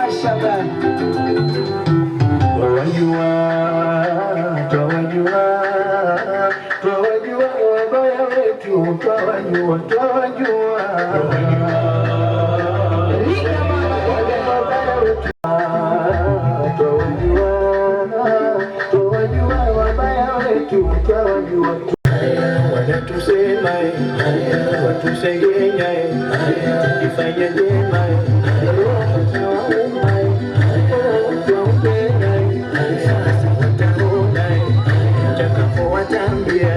Mashallah, wajua twawajua twawajua wabaya wetu twawajua twawajua wanatusema watusengenyae ifanye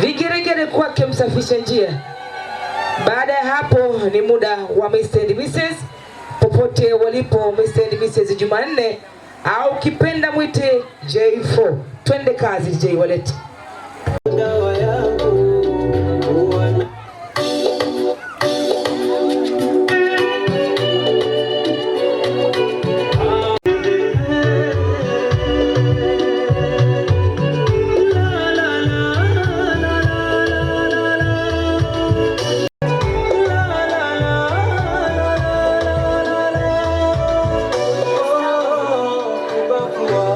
Vigeregere kwake msafisha njia. Baada ya hapo ni muda wa Mr. and Mrs. popote walipo Mr. and Mrs. Jumanne au kipenda mwite J4. Twende kazi J walete